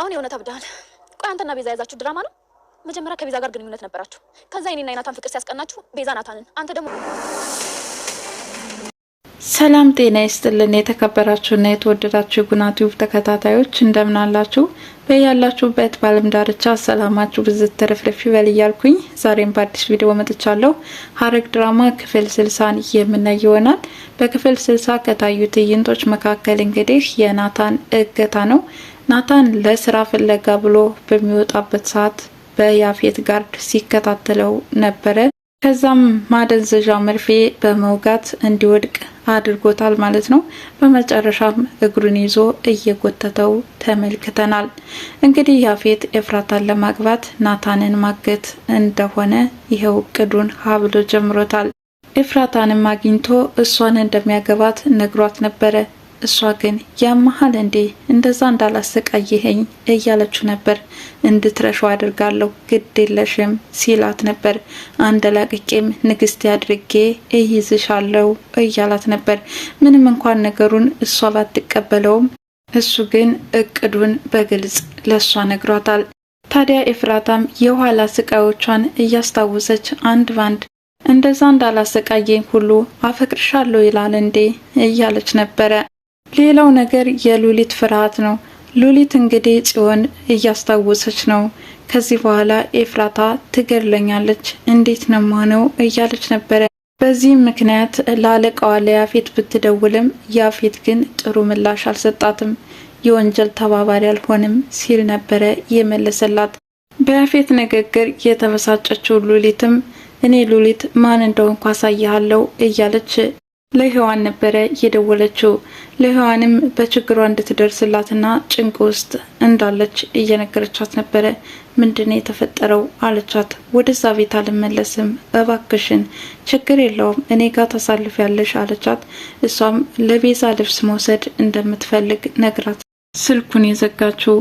አሁን የእውነት አብደሃል። ቆይ አንተና ቤዛ የያዛችሁ ድራማ ነው። መጀመሪያ ከቤዛ ጋር ግንኙነት ነበራችሁ። ከዛ የኔና የናታን ፍቅር ሲያስቀናችሁ ቤዛ ናታንን፣ አንተ ደግሞ ሰላም ጤና ይስጥልን። የተከበራችሁና የተወደዳችሁ የጉና ቲዩብ ተከታታዮች እንደምን አላችሁ? በያላችሁበት በዓለም ዳርቻ ሰላማችሁ ብዝት ተረፍረፍ ይበል እያልኩኝ ዛሬም በአዲስ ቪዲዮ መጥቻለሁ። ሐረግ ድራማ ክፍል ስልሳን የምናይ ይሆናል። በክፍል ስልሳ ከታዩ ትዕይንቶች መካከል እንግዲህ የናታን እገታ ነው። ናታን ለስራ ፍለጋ ብሎ በሚወጣበት ሰዓት በያፌት ጋርድ ሲከታተለው ነበረ። ከዛም ማደንዘዣ መርፌ በመውጋት እንዲወድቅ አድርጎታል ማለት ነው። በመጨረሻም እግሩን ይዞ እየጎተተው ተመልክተናል። እንግዲህ ያፌት ኤፍራታን ለማግባት ናታንን ማገት እንደሆነ ይኸው እቅዱን ሀብሎ ጀምሮታል። ኤፍራታንም አግኝቶ እሷን እንደሚያገባት ነግሯት ነበረ። እሷ ግን ያመሀል እንዴ እንደዛ እንዳላሰቃይኸኝ እያለችው ነበር። እንድትረሹ አድርጋለሁ ግድ የለሽም ሲላት ነበር። አንድ ላቅቄም ንግስቴ አድርጌ እይዝሻለሁ እያላት ነበር። ምንም እንኳን ነገሩን እሷ ባትቀበለውም፣ እሱ ግን እቅዱን በግልጽ ለእሷ ነግሯታል። ታዲያ ኤፍራታም የኋላ ስቃዮቿን እያስታወሰች አንድ ባንድ እንደዛ እንዳላሰቃየኝ ሁሉ አፈቅርሻለሁ ይላል እንዴ እያለች ነበረ። ሌላው ነገር የሉሊት ፍርሃት ነው። ሉሊት እንግዲህ ጽዮን እያስታወሰች ነው። ከዚህ በኋላ ኤፍራታ ትገድለኛለች፣ እንዴት ነማ ነው እያለች ነበረ። በዚህም ምክንያት ለአለቃዋ ለያፌት ብትደውልም ያፌት ግን ጥሩ ምላሽ አልሰጣትም። የወንጀል ተባባሪ አልሆንም ሲል ነበረ የመለሰላት። በያፌት ንግግር የተበሳጨችው ሉሊትም እኔ ሉሊት ማን እንደሆንኩ አሳይሃለሁ እያለች ለህዋን ነበረ የደወለችው። ለህዋንም በችግሯ እንድትደርስላትና ጭንቅ ውስጥ እንዳለች እየነገረቻት ነበረ። ምንድን የተፈጠረው አለቻት። ወደዛ ቤት አልመለስም እባክሽን፣ ችግር የለውም እኔ ጋር ታሳልፍ ያለሽ አለቻት። እሷም ለቤዛ ልብስ መውሰድ እንደምትፈልግ ነግራት ስልኩን የዘጋችው።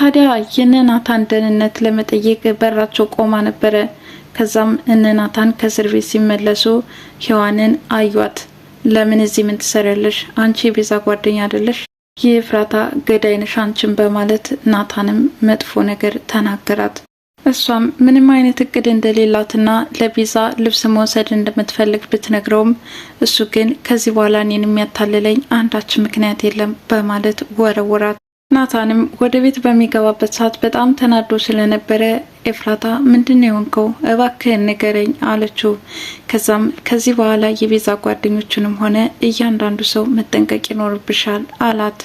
ታዲያ የነናታን ደህንነት ለመጠየቅ በራቸው ቆማ ነበረ። ከዛም እነናታን ከእስር ቤት ሲመለሱ ህዋንን አዩት። ለምን እዚህ ምን ትሰሪያለሽ? አንቺ የቤዛ ጓደኛ አይደለሽ? የኤፍራታ ገዳይ ነሽ አንቺን በማለት ናታንም መጥፎ ነገር ተናገራት። እሷም ምንም አይነት እቅድ እንደሌላትና ለቤዛ ልብስ መውሰድ እንደምትፈልግ ብትነግረውም እሱ ግን ከዚህ በኋላ እኔን የሚያታልለኝ አንዳች ምክንያት የለም በማለት ወረወራት። ናታንም ወደ ቤት በሚገባበት ሰዓት በጣም ተናዶ ስለነበረ ኤፍራታ ምንድን ነው የሆንከው? እባክህን ንገረኝ አለችው። ከዛም ከዚህ በኋላ የቤዛ ጓደኞችንም ሆነ እያንዳንዱ ሰው መጠንቀቅ ይኖርብሻል አላት።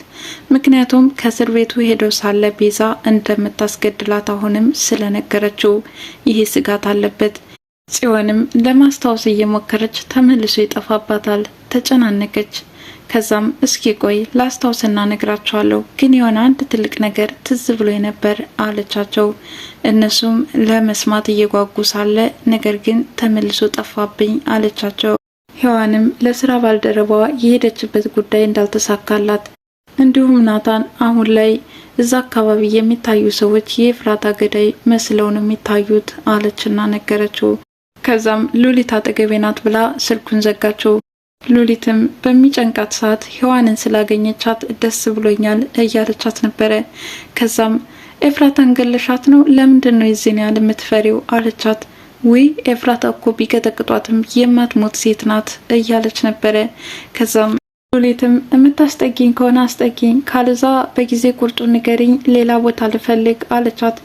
ምክንያቱም ከእስር ቤቱ ሄደው ሳለ ቤዛ እንደምታስገድላት አሁንም ስለነገረችው ይሄ ስጋት አለበት። ጽዮንም ለማስታወስ እየሞከረች ተመልሶ ይጠፋባታል። ተጨናነቀች። ከዛም እስኪ ቆይ ላስታውስና ነግራቸዋለሁ፣ ግን የሆነ አንድ ትልቅ ነገር ትዝ ብሎ ነበር አለቻቸው። እነሱም ለመስማት እየጓጉ ሳለ ነገር ግን ተመልሶ ጠፋብኝ አለቻቸው። ሔዋንም ለስራ ባልደረባዋ የሄደችበት ጉዳይ እንዳልተሳካላት እንዲሁም ናታን አሁን ላይ እዛ አካባቢ የሚታዩ ሰዎች የኤፍራታ ገዳይ መስለው ነው የሚታዩት አለችና ነገረችው። ከዛም ሉሊት አጠገቤ ናት ብላ ስልኩን ዘጋችው። ሉሊትም በሚጨንቃት ሰዓት ሔዋንን ስላገኘቻት ደስ ብሎኛል እያለቻት ነበረ። ከዛም ኤፍራታን ገለሻት ነው ለምንድን ነው የዚህን ያህል የምትፈሪው? አለቻት። ውይ ኤፍራታ እኮ ቢቀጠቅጧትም የማትሞት ሴት ናት እያለች ነበረ። ከዛም ሉሊትም የምታስጠጊኝ ከሆነ አስጠጊኝ፣ ካልዛ በጊዜ ቁርጡ ንገሪኝ፣ ሌላ ቦታ ልፈልግ አለቻት።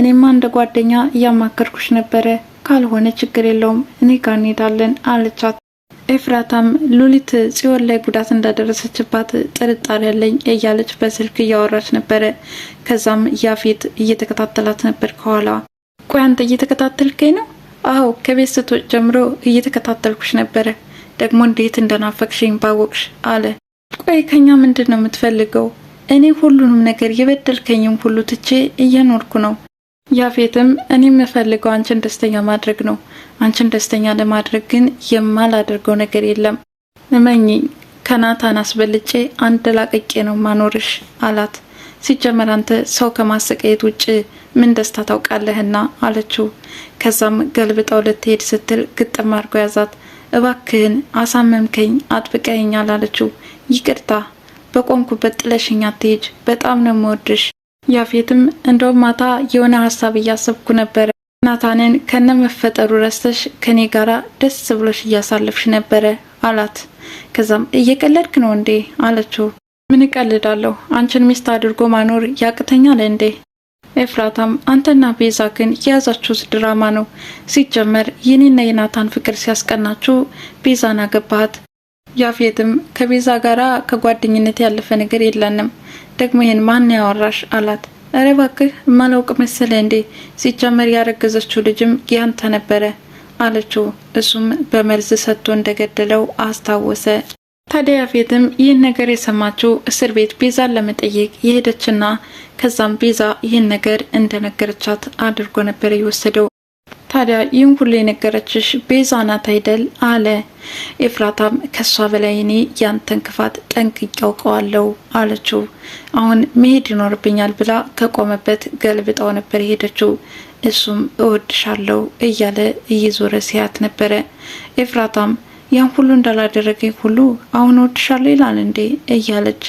እኔማ እንደ ጓደኛ እያማከርኩሽ ነበረ፣ ካልሆነ ችግር የለውም እኔ ጋር እንሄዳለን አለቻት። ኤፍራታም ሉሊት ጽዮን ላይ ጉዳት እንዳደረሰችባት ጥርጣሬ ያለኝ እያለች በስልክ እያወራች ነበረ። ከዛም ያፌት እየተከታተላት ነበር ከኋላ። ቆይ አንተ እየተከታተልከኝ ነው? አዎ፣ ከቤት ስትወጭ ጀምሮ እየተከታተልኩሽ ነበረ። ደግሞ እንዴት እንደናፈቅሽኝ ባወቅሽ አለ። ቆይ ከኛ ምንድን ነው የምትፈልገው? እኔ ሁሉንም ነገር የበደልከኝም ሁሉ ትቼ እየኖርኩ ነው። ያፌትም እኔ የምፈልገው አንቺን ደስተኛ ማድረግ ነው። አንቺን ደስተኛ ለማድረግ ግን የማላደርገው ነገር የለም። እመኚኝ፣ ከናታን አስበልጬ አንድ ላቅቄ ነው ማኖርሽ አላት። ሲጀመር አንተ ሰው ከማሰቃየት ውጭ ምን ደስታ ታውቃለህና አለችው። ከዛም ገልብጣው ልትሄድ ስትል ግጥም አድርጎ ያዛት። እባክህን አሳመምከኝ፣ አጥብቀኸኛል አለችው። ይቅርታ፣ በቆንኩበት ጥለሽኝ አትሄጅ፣ በጣም ነው የምወድሽ ያፌትም እንደውም ማታ የሆነ ሀሳብ እያሰብኩ ነበረ። ናታንን ከነ መፈጠሩ ረስተሽ ከኔ ጋራ ደስ ብሎሽ እያሳለፍሽ ነበረ አላት። ከዛም እየቀለድክ ነው እንዴ አለችው። ምን እቀልዳለሁ? አንቺን ሚስት አድርጎ ማኖር ያቅተኛል እንዴ? ኤፍራታም አንተና ቤዛ ግን የያዛችሁት ድራማ ነው። ሲጀመር የኔና የናታን ፍቅር ሲያስቀናችሁ ቤዛን አገባሃት። ያፌትም ከቤዛ ጋራ ከጓደኝነት ያለፈ ነገር የለንም ደግሞ ይህን ማን ያወራሽ አላት። እረ እባክህ ማላውቅ መሰለ እንዴ? ሲጀመር ያረገዘችው ልጅም ያንተ ነበረ አለችው። እሱም በመርዝ ሰጥቶ እንደገደለው አስታወሰ። ታዲያ ቤትም ይህን ነገር የሰማችው እስር ቤት ቤዛን ለመጠየቅ የሄደችና ከዛም ቤዛ ይህን ነገር እንደነገረቻት አድርጎ ነበር የወሰደው። ታዲያ ይህን ሁሉ የነገረችሽ ቤዛ ናት አይደል? አለ ኤፍራታም። ከሷ በላይ እኔ ያንተን ክፋት ጠንቅቄ አውቀዋለሁ አለችው። አሁን መሄድ ይኖርብኛል ብላ ከቆመበት ገልብጣው ነበር የሄደችው። እሱም እወድሻለሁ እያለ እየዞረ ሲያት ነበረ። ኤፍራታም ያን ሁሉ እንዳላደረገኝ ሁሉ አሁን እወድሻለሁ ይላል እንዴ እያለች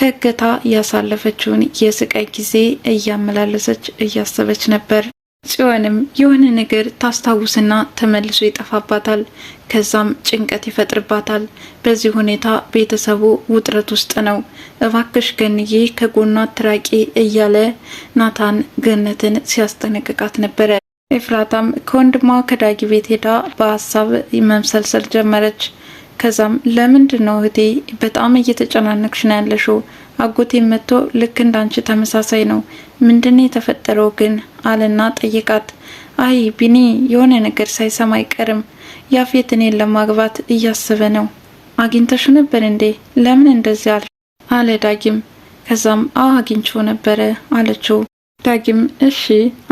ከእገታ ያሳለፈችውን የስቃይ ጊዜ እያመላለሰች እያሰበች ነበር። ጽዮንም የሆነ ነገር ታስታውስና ተመልሶ ይጠፋባታል። ከዛም ጭንቀት ይፈጥርባታል። በዚህ ሁኔታ ቤተሰቡ ውጥረት ውስጥ ነው። እባክሽ ገንዬ ከጎኗ ትራቂ እያለ ናታን ገነትን ሲያስጠነቅቃት ነበረ። ኤፍራታም ከወንድሟ ከዳጊ ቤት ሄዳ በሀሳብ መምሰልሰል ጀመረች። ከዛም ለምንድን ነው እህቴ በጣም እየተጨናነቅሽ ነው ያለሽው? አጎቴ መጥቶ ልክ እንዳንቺ ተመሳሳይ ነው። ምንድነው የተፈጠረው ግን አለና ጠይቃት። አይ ቢኒ የሆነ ነገር ሳይሰማ አይቀርም። ያፌት እኔን ለማግባት እያሰበ ነው። አግኝተሽ ነበር እንዴ? ለምን እንደዚህ አለ አለ ዳጊም። ከዛም አዎ አግኝቼው ነበረ አለችው። ዳጊም እሺ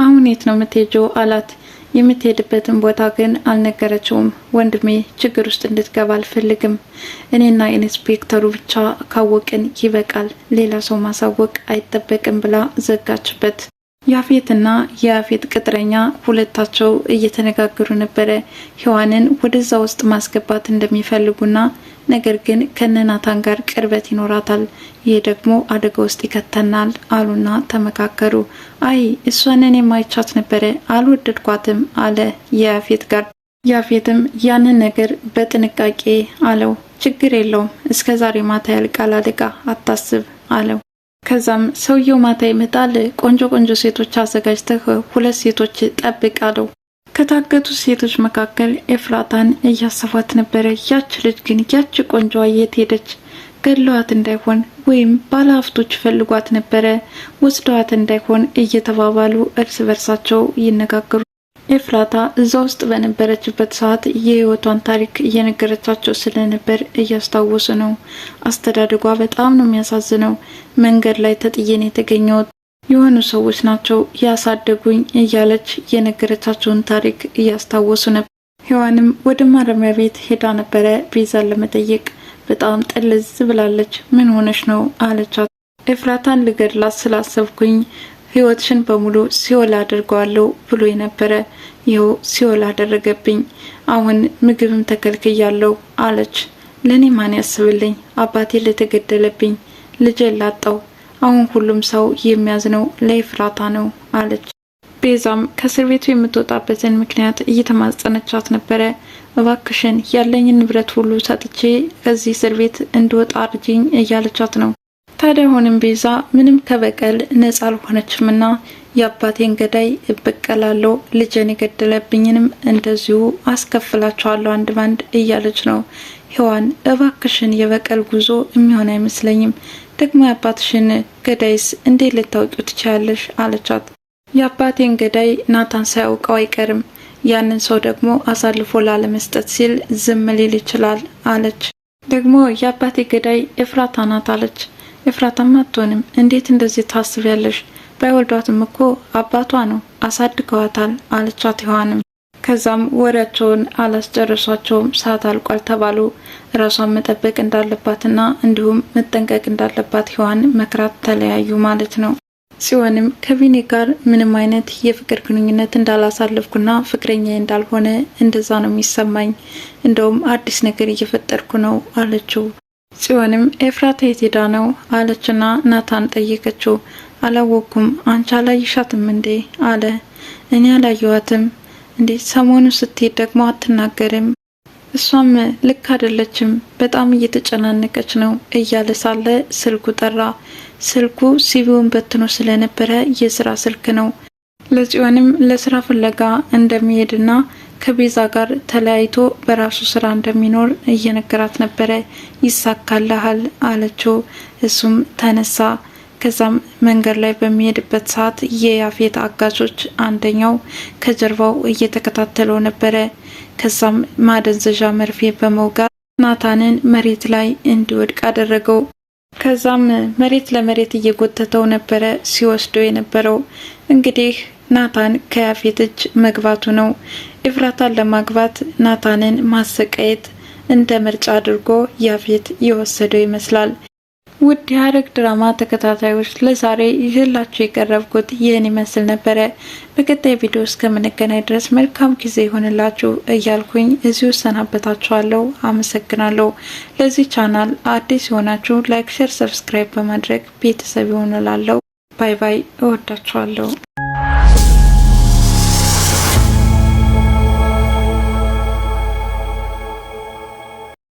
አሁን የት ነው የምትሄጂው አላት። የምትሄድበትን ቦታ ግን አልነገረችውም። ወንድሜ ችግር ውስጥ እንድትገባ አልፈልግም። እኔና ኢንስፔክተሩ ብቻ ካወቅን ይበቃል፣ ሌላ ሰው ማሳወቅ አይጠበቅም ብላ ዘጋችበት። ያፌትና የያፌት ቅጥረኛ ሁለታቸው እየተነጋገሩ ነበረ። ሔዋንን ወደዛ ውስጥ ማስገባት እንደሚፈልጉና ነገር ግን ከነናታን ጋር ቅርበት ይኖራታል፣ ይህ ደግሞ አደጋ ውስጥ ይከተናል አሉና ተመካከሩ። አይ እሷንን የማይቻት ነበረ አልወደድኳትም አለ የያፌት ጋር። ያፌትም ያንን ነገር በጥንቃቄ አለው። ችግር የለውም እስከ ዛሬ ማታ ያልቃል፣ አደጋ አታስብ አለው። ከዛም ሰውየው ማታ ይመጣል። ቆንጆ ቆንጆ ሴቶች አዘጋጅተህ ሁለት ሴቶች ጠብቅ አለው። ከታገቱ ሴቶች መካከል ኤፍራታን እያሰፏት ነበረ። ያች ልጅ ግን ያች ቆንጆዋ የት ሄደች? ገለዋት እንዳይሆን ወይም ባለሀብቶች ፈልጓት ነበረ ወስደዋት እንዳይሆን እየተባባሉ እርስ በርሳቸው ይነጋገሩ ኤፍራታ እዛ ውስጥ በነበረችበት ሰዓት የህይወቷን ታሪክ እየነገረቻቸው ስለነበር እያስታወሱ ነው። አስተዳደጓ በጣም ነው የሚያሳዝነው። መንገድ ላይ ተጥየን የተገኘሁት የሆኑ ሰዎች ናቸው ያሳደጉኝ እያለች የነገረቻቸውን ታሪክ እያስታወሱ ነበር። ሔዋንም ወደ ማረሚያ ቤት ሄዳ ነበረ ቤዛን ለመጠየቅ። በጣም ጥልዝ ብላለች። ምን ሆነች ነው አለቻት። ኤፍራታን ልገድላት ስላሰብኩኝ ህይወትሽን በሙሉ ሲኦል አድርገዋለሁ ብሎ የነበረ ይኸው ሲኦል አደረገብኝ። አሁን ምግብም ተከልክያለሁ አለች። ለእኔ ማን ያስብልኝ? አባቴ ለተገደለብኝ ልጄ ላጣው። አሁን ሁሉም ሰው የሚያዝነው ለይፍራታ ነው አለች። ቤዛም ከእስር ቤቱ የምትወጣበትን ምክንያት እየተማጸነቻት ነበረ። እባክሽን ያለኝን ንብረት ሁሉ ሰጥቼ ከዚህ እስር ቤት እንድወጣ አርጅኝ እያለቻት ነው። ታዲያ አሁንም ቤዛ ምንም ከበቀል ነጻ አልሆነችምና የአባቴን ገዳይ እበቀላለሁ፣ ልጄን የገደለብኝንም እንደዚሁ አስከፍላቸዋለሁ አንድ ባንድ እያለች ነው። ሔዋን እባክሽን የበቀል ጉዞ የሚሆን አይመስለኝም። ደግሞ የአባትሽን ገዳይስ እንዴት ልታውቂ ትችያለሽ? አለቻት። የአባቴን ገዳይ ናታን ሳያውቀው አይቀርም። ያንን ሰው ደግሞ አሳልፎ ላለመስጠት ሲል ዝም ሊል ይችላል አለች። ደግሞ የአባቴ ገዳይ እፍራታ ናት አለች። ኤፍራታም አትሆንም። እንዴት እንደዚህ ያለሽ? ባይወልዷትም እኮ አባቷ ነው አሳድገዋታል አለቻት ይሆንም። ከዛም ወሬያቸውን አላስጨረሷቸውም። ሰዓት አልቋል ተባሉ። ራሷን መጠበቅ እንዳለባትና እንዲሁም መጠንቀቅ እንዳለባት ሔዋን መክራት ተለያዩ ማለት ነው። ሲሆንም ከቢኒ ጋር ምንም አይነት የፍቅር ግንኙነት እንዳላሳለፍኩና ፍቅረኛ እንዳልሆነ እንደዛ ነው የሚሰማኝ፣ እንደውም አዲስ ነገር እየፈጠርኩ ነው አለችው። ጽዮንም ኤፍራታ የት ሄዳ ነው አለችና ናታን ጠየቀችው። አላወቅኩም አንቺ አላየሻትም እንዴ አለ። እኔ አላየዋትም እንዴ ሰሞኑ ስትሄድ ደግሞ አትናገርም። እሷም ልክ አይደለችም፣ በጣም እየተጨናነቀች ነው እያለ ሳለ ስልኩ ጠራ። ስልኩ ሲቪውን በትኖ ስለነበረ የስራ ስልክ ነው። ለጽዮንም ለስራ ፍለጋ እንደሚሄድና ከቤዛ ጋር ተለያይቶ በራሱ ስራ እንደሚኖር እየነገራት ነበረ። ይሳካልሃል አለችው። እሱም ተነሳ። ከዛም መንገድ ላይ በሚሄድበት ሰዓት የያፌት አጋዦች አንደኛው ከጀርባው እየተከታተለው ነበረ። ከዛም ማደንዘዣ መርፌ በመውጋት ናታንን መሬት ላይ እንዲወድቅ አደረገው። ከዛም መሬት ለመሬት እየጎተተው ነበረ ሲወስደው የነበረው። እንግዲህ ናታን ከያፌት እጅ መግባቱ ነው። ኤፍራታን ለማግባት ናታንን ማሰቃየት እንደ ምርጫ አድርጎ ያፌት የወሰደው ይመስላል። ውድ የሐረግ ድራማ ተከታታዮች ለዛሬ ይህላችሁ የቀረብኩት ይህን ይመስል ነበረ። በቀጣይ ቪዲዮ እስከምንገናኝ ድረስ መልካም ጊዜ ይሆንላችሁ እያልኩኝ እዚሁ ሰናበታችኋለሁ። አመሰግናለሁ። ለዚህ ቻናል አዲስ የሆናችሁ ላይክ፣ ሼር፣ ሰብስክራይብ በማድረግ ቤተሰብ ይሆንላለሁ። ባይ ባይ። እወዳችኋለሁ።